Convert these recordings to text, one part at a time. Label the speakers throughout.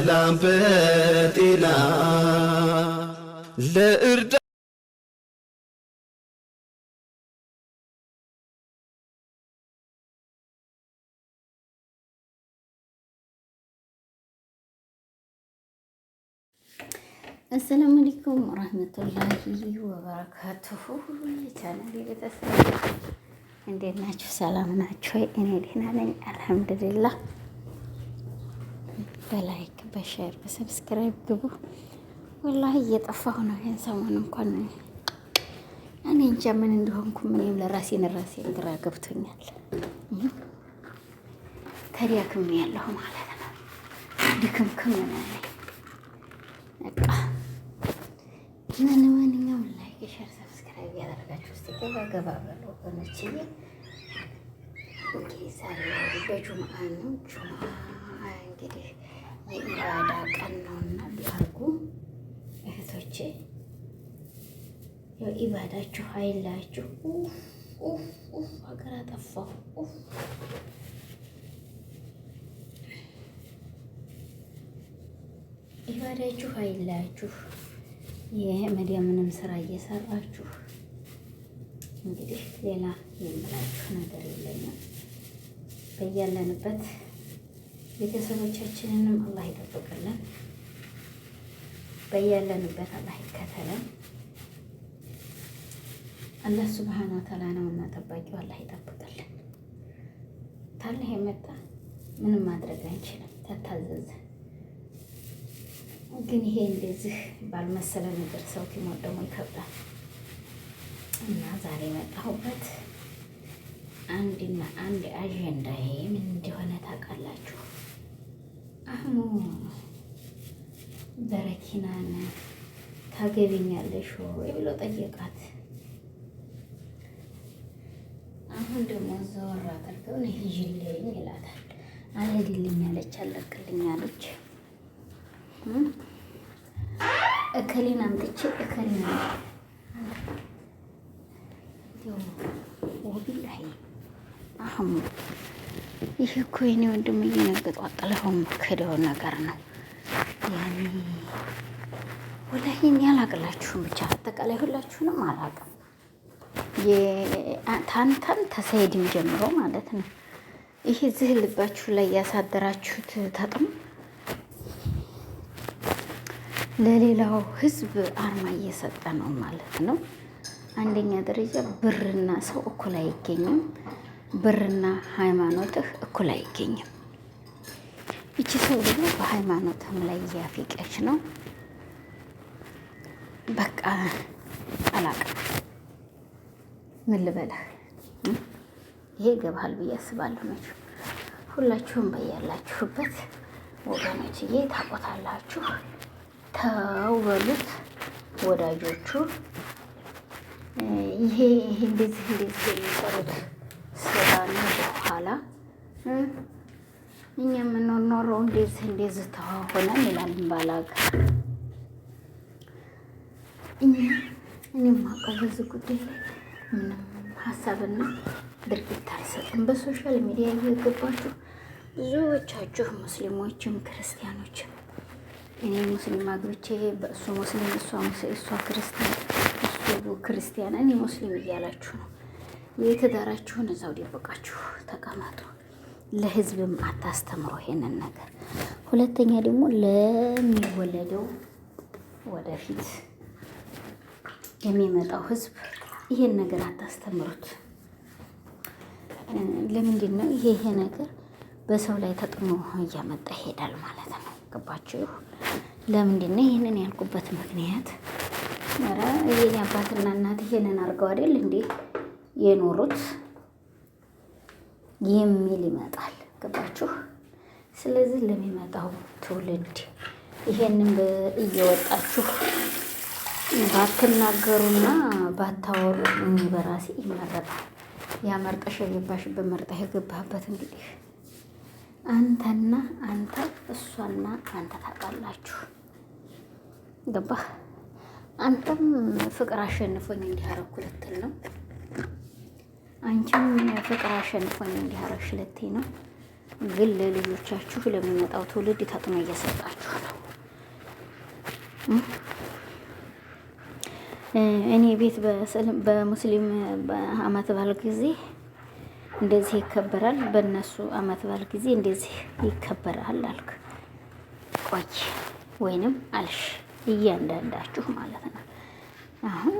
Speaker 1: በሰላም በጤና ለእርዳ አሰላሙ አለይኩም ወራህመቱላሂ ወበረካቱሁ። የቻናል ቤተሰብ እንዴት ናችሁ? ሰላም ናችሁ? እኔ ደህና ነኝ አልሐምዱሊላህ በላይ በሼር በሰብስክራይብ ግቡ። ወላሂ እየጠፋሁ ነው። ይህን ሰሞን እንኳን እኔ እንጃ ምን እንደሆንኩ ምንም ለራሴ ነራሴ ግራ ገብቶኛል። ተዳክም ያለሁ ማለት ነው። ድክምክም ነው። በቃ ለማንኛውም ላይክ፣ ሼር፣ ሰብስክራይብ እያደረጋችሁ እስቲ ገባ ገባ በሉ ወገኖችዬ። ዛሬ በጁምአ ነው። ጁምአ እንግዲህ የኢራዳ ቀን ነውና ቢያርጉ እህቶቼ፣ ያው ኢባዳችሁ አይላችሁ። ኡፍ ኡፍ ሀገር አጠፋሁ ኡፍ ኢባዳችሁ አይላችሁ። ይህ ስራ እየሰራችሁ እንግዲህ ሌላ የምላችሁ ነገር የለኝም። በያለንበት ቤተሰቦቻችንንም አላህ ይጠብቅልን፣ በያለንበት አላህ ይከተለን። አላህ ሱብሃነ ወተዓላ ነው እና ጠባቂው አላህ ይጠብቅልን። ታላህ የመጣ ምንም ማድረግ አንችልም፣ ተታዘዘ። ግን ይሄ እንደዚህ ባልመሰለ ነገር ሰው ሲሞት ደግሞ ይከብዳል እና ዛሬ የመጣሁበት አንድና አንድ አጀንዳ ምን እንደሆነ ታውቃላችሁ? አህሙ በረኪናን ታገቢኛለሽ ወይ ብሎ ጠየቃት። አሁን ደግሞ ዘወር አድርገው ይዤልኝ ይላታል። አልሄድልኝ አለች፣ አልለቅልኝ አለች። እከሌን አምጥቼ እከሌን ወቢላሂ አህሙ ይህ እኮ የኔ ወንድም እየነገጧጠለኸው የምክደውን ነገር ነው። ያኔ ወላሂ ብቻ አጠቃላይ ሁላችሁንም አላቅም። ታንተን ተሰይድም ጀምሮ ማለት ነው። ይህ እዚህ ልባችሁ ላይ ያሳደራችሁት ተጥም ለሌላው ህዝብ አርማ እየሰጠ ነው ማለት ነው። አንደኛ ደረጃ ብርና ሰው እኩል አይገኝም። ብርና ሃይማኖትህ እኩል አይገኝም። ይቺ ሰው ደግሞ በሃይማኖትህም ላይ እያፌቀች ነው። በቃ አላቅም ምን ልበለህ። ይሄ ይገባሃል ብዬ አስባለሁ። ናችሁ ሁላችሁም በያላችሁበት ወገኖችዬ ታቆታላችሁ። ተው በሉት ወዳጆቹ። ይሄ ይሄ እንደዚህ እንደዚህ የሚሰሩት እኛ የምንኖረው እንደዚህ እንደዚህ ተሆነን ይላል በዚህ ጉዳይ ላይ ምንም ሀሳብና ድርጊት አልሰጥም። በሶሻል ሚዲያ እየገባችሁ ብዙዎቻችሁ ሙስሊሞችም ክርስቲያኖችም እኔ ሙስሊም አግብቼ በእሱ ሙስሊም እሷ ክርስቲያን እሱ ክርስቲያን እኔ ሙስሊም እያላችሁ ነው። የትዳራችሁን እዛው ተቀመጡ። ለህዝብም አታስተምሮ ይሄንን ነገር። ሁለተኛ ደግሞ ለሚወለደው ወደፊት የሚመጣው ህዝብ ይሄን ነገር አታስተምሩት። ለምንድን ነው ይሄ ይሄ ነገር በሰው ላይ ተጥኖ እያመጣ ይሄዳል ማለት ነው። ገባችሁ? ለምንድን ነው ይህንን ያልኩበት ምክንያት ኧረ የኔ አባትና እናት ይሄንን አድርገው አይደል እንዴ የኖሩት? የሚል ይመጣል። ገባችሁ? ስለዚህ ለሚመጣው ትውልድ ይሄንን እየወጣችሁ ባትናገሩና ባታወሩ በራሴ ይመረጣል። ያመርጠሽ የገባሽበት መርጠሽ የገባህበት እንግዲህ አንተና አንተ እሷና አንተ ታውቃላችሁ። ገባህ? አንተም ፍቅር አሸንፎኝ እንዲያረኩ ልትል ነው አንቺም ፍቅር አሸንፎኝ አረሽ ልቴ ነው። ግን ለልጆቻችሁ ለሚመጣው ትውልድ ተጥኖ እየሰጣችሁ ነው። እኔ ቤት በሙስሊም አመት ባል ጊዜ እንደዚህ ይከበራል፣ በእነሱ አመት ባል ጊዜ እንደዚህ ይከበራል አልክ። ቆይ ወይንም አልሽ፣ እያንዳንዳችሁ ማለት ነው አሁን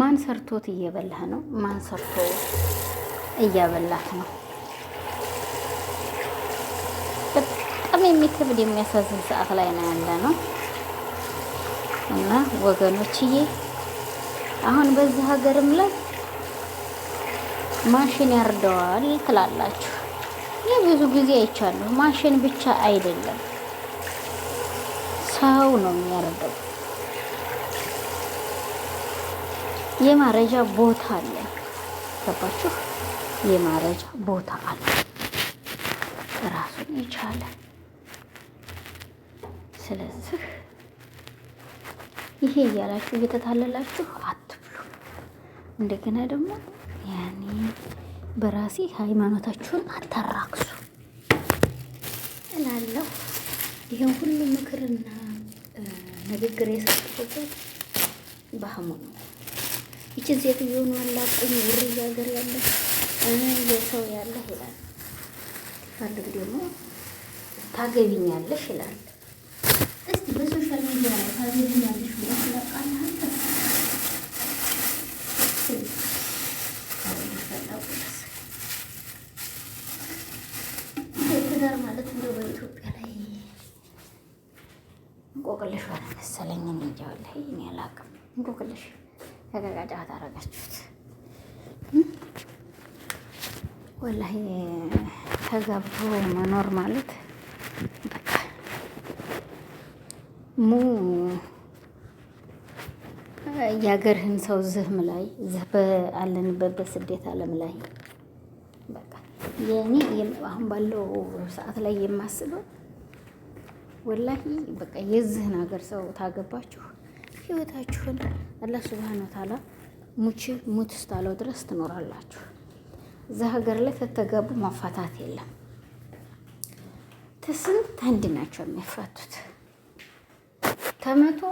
Speaker 1: ማን ሰርቶት እየበላህ ነው? ማን ሰርቶ እያበላህ ነው? በጣም የሚከብድ የሚያሳዝን ሰዓት ላይ ነው ያለ ነው እና ወገኖችዬ አሁን በዚህ ሀገርም ላይ ማሽን ያርደዋል ትላላችሁ። ይህ ብዙ ጊዜ አይቻለሁ። ማሽን ብቻ አይደለም ሰው ነው የሚያርደው። የማረጃ ቦታ አለ። ገባችሁ? የማረጃ ቦታ አለ ራሱን የቻለ። ስለዚህ ይሄ እያላችሁ እየተታለላችሁ አትብሉ። እንደገና ደግሞ ያኔ በራሴ ሃይማኖታችሁን አታራክሱ እላለሁ። ይህን ሁሉ ምክርና ንግግር የሰጠበት ባህሙ ነው። ይቺ ሴትዮ ነው አላቁኝ ውሪ ሀገር ያለ የሰው ያለ ይላል። ፈልግ ደግሞ ታገቢኛለሽ ይላል። እስቲ በሶሻል ሚዲያ ላይ ታገቢኛለሽ ብለህ ታውቃለህ ትዳር ማለት እንደው በኢትዮጵያ ላይ እንቆቅልሽ መሰለኝ። እንጃ ወላሂ እኔ አላውቅም እንቆቅልሽ ተገጋ ታረጋችሁት አደረጋችሁት። ወላሂ ተጋብቶ መኖር ማለት በቃ ሙ የሀገርህን ሰው ዝህም ላይ ዝህ በአለንበት በስደት ዓለም ላይ በቃ የእኔ አሁን ባለው ሰዓት ላይ የማስበው ወላሂ በቃ የዝህን ሀገር ሰው ታገባችሁ ህይወታችሁን አላህ ስብሃነ ወተዓላ ሙች ሙት እስካለው ድረስ ትኖራላችሁ። እዛ ሀገር ላይ ተተጋቡ ማፋታት የለም። ተስንት አንድ ናቸው የሚያፋቱት? ከመቶ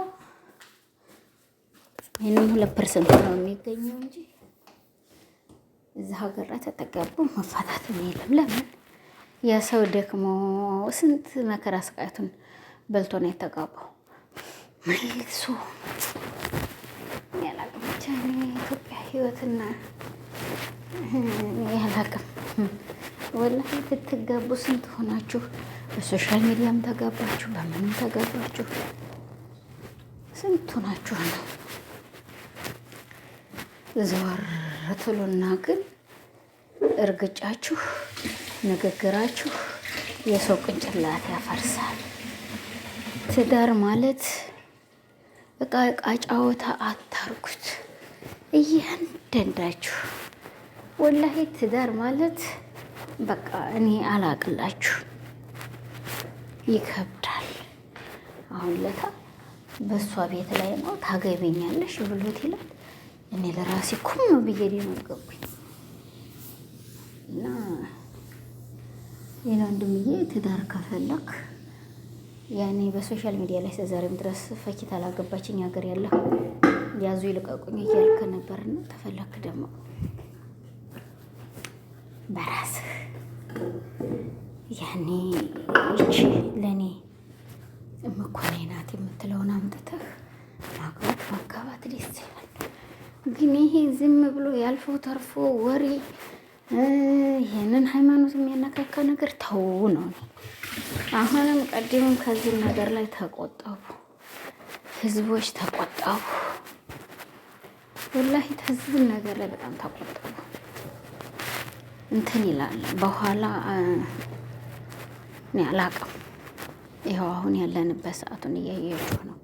Speaker 1: ይህንም ሁለት ፐርሰንት ነው የሚገኘው እንጂ እዛ ሀገር ላይ ተተጋቡ መፋታት የለም። ለምን ያ ሰው ደክሞ ስንት መከራ ስቃይቱን በልቶ ነው የተጋባው። መልሶ ያላቅም ብቻ የኢትዮጵያ ህይወትና ያላቅም ወላሂ ብትጋቡ ስንት ሆናችሁ? በሶሻል ሚዲያም ተጋባችሁ፣ በምንም ተጋባችሁ ስንት ሆናችሁ ነው? ዘወር ትሉና ግን እርግጫችሁ፣ ንግግራችሁ የሰው ቅንጭላት ያፈርሳል። ትዳር ማለት እቃ እቃ ጫወታ አታርጉት። እያንዳንዳችሁ ወላሂ ትዳር ማለት በቃ እኔ አላቅላችሁ ይከብዳል። አሁን ለታ በእሷ ቤት ላይ ነው ታገቢኛለሽ ብሎት ይላል። እኔ ለራሴ ኩም ብዬ ነው እና ሌላ ወንድምዬ ትዳር ከፈለክ ያኔ በሶሻል ሚዲያ ላይ ስለዛሬም ድረስ ፈኪት አላገባችኝ ሀገር ያለ ያዙ ይልቀቁኝ እያልክ ነበርና ተፈላክ ደግሞ በራስህ ያኔ ይቺ ለእኔ እምኮኔ ናት የምትለውን አምጥተህ ማግባት ማጋባት ደስ ይላል። ግን ይሄ ዝም ብሎ ያልፎ ተርፎ ወሬ ይህንን ሃይማኖት የሚያነካካ ነገር ተው ነው። አሁንም ቀድሞም ከዚህ ነገር ላይ ተቆጠቡ፣ ህዝቦች ተቆጠቡ። ወላሂ ከዚህ ነገር ላይ በጣም ተቆጠቡ። እንትን ይላል በኋላ እኔ አላቅም። ይኸው አሁን ያለንበት ሰዓቱን እያያችሁ ነው።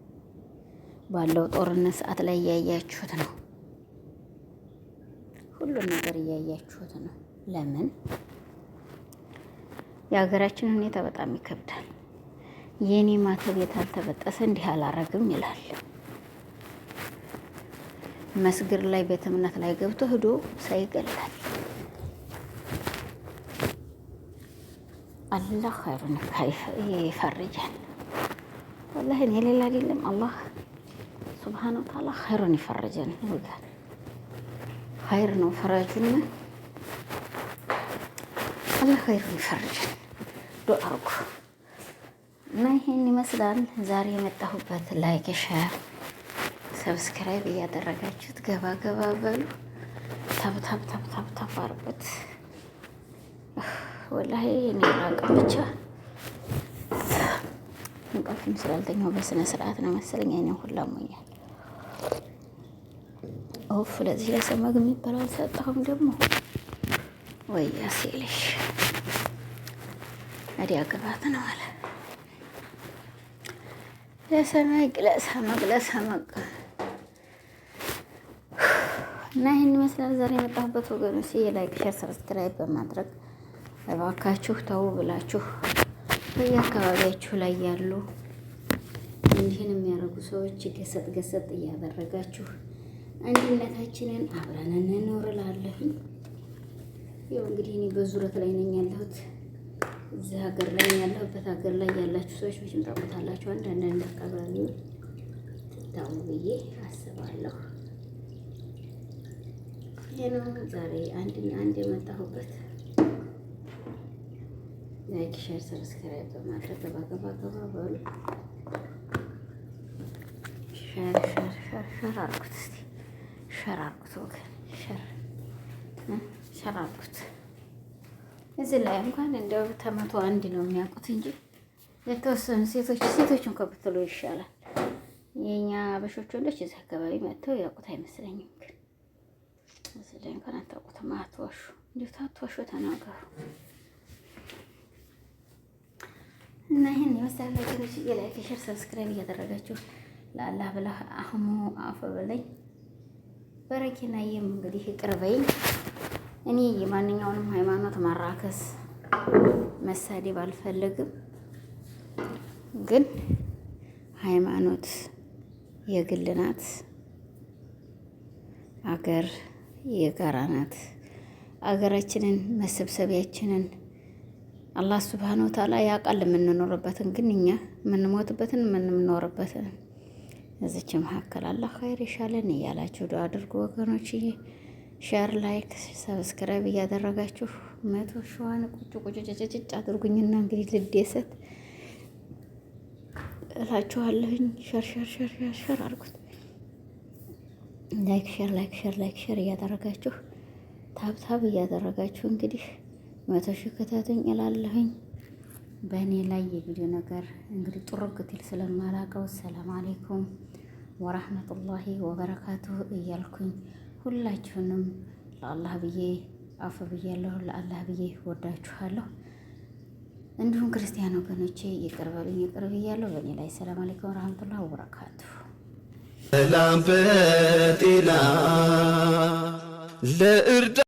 Speaker 1: ባለው ጦርነት ሰዓት ላይ እያያችሁት ነው። ሁሉን ነገር እያያችሁት ነው። ለምን የሀገራችን ሁኔታ በጣም ይከብዳል። የእኔ ማተብ የታልተበጠሰ እንዲህ አላረግም ይላል። መስግር ላይ ቤተ እምነት ላይ ገብቶ ሂዶ ሳይገላል አላህ ኸይሩን ይፈርጃል። ወላሂ እኔ ሌላ አይደለም አላህ ሱብሓነሁ ወተዓላ ኸይሩን ይፈርጃል ይወጋል። ኸይር ነው ፈራጁና አላህ ኸይሩን ይፈርደን። ዱአ አርጉ እና ይሄን ይመስላል ዛሬ የመጣሁበት። ላይክ፣ ሸር፣ ሰብስክራይብ እያደረጋችሁት ገባ ገባ በሉ። ታብታብ ታብታብ ታብ አርጉት። ወላሂ እኔ አላውቅም ብቻ እንቅልፍም ስላልተኛው በስነ ስርዓት ነው መሰለኝ አይኔ ሁላ ሞኛል። ኦፍ ለዚህ ለሰማግ የሚባል አልሰጠሁም ደግሞ ወያ ሴልሽ አዲያ ግባት ነው አለ ግለሰ ለሰመቅ ለሰመቅ እና ይህን ይመስላል ዛሬ የመጣሁበት ወገኖች። የላይክ ሸር፣ ሰብስክራይብ በማድረግ እባካችሁ ተው ብላችሁ በየአካባቢያችሁ ላይ ያሉ እንዲህን የሚያደርጉ ሰዎች ገሰጥ ገሰጥ እያደረጋችሁ አንድነታችንን አብረን እንኖርላለሁ። ያው እንግዲህ እኔ በዙረት ላይ ነኝ ያለሁት እዚህ ሀገር ላይ ያለሁበት ሀገር ላይ ያላችሁ ሰዎች መቼም ታውቁታላችሁ። አንዳንድ አንድ አካባቢ ታውቁ ብዬ አስባለሁ። ይሄ ነው ዛሬ አንድና አንድ የመጣሁበት። ላይክ ሼር ሰብስክራይብ በማድረግ ገባ ገባ ገባ በሉ። ሸር ሸር ሸር ሸር አድርጉት እስኪ ሸር አርኩት ወገን ሸር ሸራርኩት። እዚህ ላይ እንኳን እንደው ተመቶ አንድ ነው የሚያውቁት እንጂ የተወሰኑ ሴቶች ሴቶች እንኳ ብትሉ ይሻላል። የኛ አበሾች ወንዶች እዚህ አካባቢ መጥተው ያውቁት አይመስለኝም። ግን እዚህ ላይ እንኳን አታውቁትም። አትዋሹ፣ እንዲሁ ታትዋሹ ተናገሩ እና ይህን የመሳሪያ ነገሮች የላይክ ሸር ሰብስክራይብ እያደረጋችሁ ለአላህ ብላ አህሙ አፈ በለኝ የም እንግዲህ ቅርበኝ እኔ የማንኛውንም ሃይማኖት ማራከስ መሳደብ አልፈልግም፣ ግን ሃይማኖት የግል ናት፣ አገር የጋራ ናት። አገራችንን መሰብሰቢያችንን አላህ ስብሓን ወተዓላ ያውቃል የምንኖርበትን፣ ግን እኛ የምንሞትበትን የምንኖርበትን እዚች መካከል አላህ ኸይር ይሻለን እያላችሁ ዱዓ አድርጉ ወገኖችዬ። ሸር፣ ላይክ፣ ሰብስክራይብ እያደረጋችሁ መቶ ሸዋን ቁጭ ቁጭ ጭጭጭ አድርጉኝና እንግዲህ ልደሰት እላችኋለሁኝ። ሸር ሸር ሸር ሸር ሸር አድርጉት። ላይክ ሸር ላይክ ሸር ላይክ ሸር እያደረጋችሁ ታብታብ እያደረጋችሁ እንግዲህ መቶ ሺህ ክተቱኝ እላለሁኝ። በእኔ ላይ የቪዲዮ ነገር እንግዲህ ጥሩ ክትል ሰላም አሌይኩም ወራህመቱላሂ ወበረካቱሁ እያልኩኝ ሁላችሁንም ለአላህ ብዬ አፍ ብያለሁ። ለአላህ ብዬ ወዳችኋለሁ። እንዲሁም ክርስቲያን ወገኖቼ ይቅር በሉኝ፣ ይቅር ብያለሁ። በእኔ ላይ ሰላም አለይኩም ወረህመቱላህ ወበረካቱ። ሰላም በጤና ለእርዳ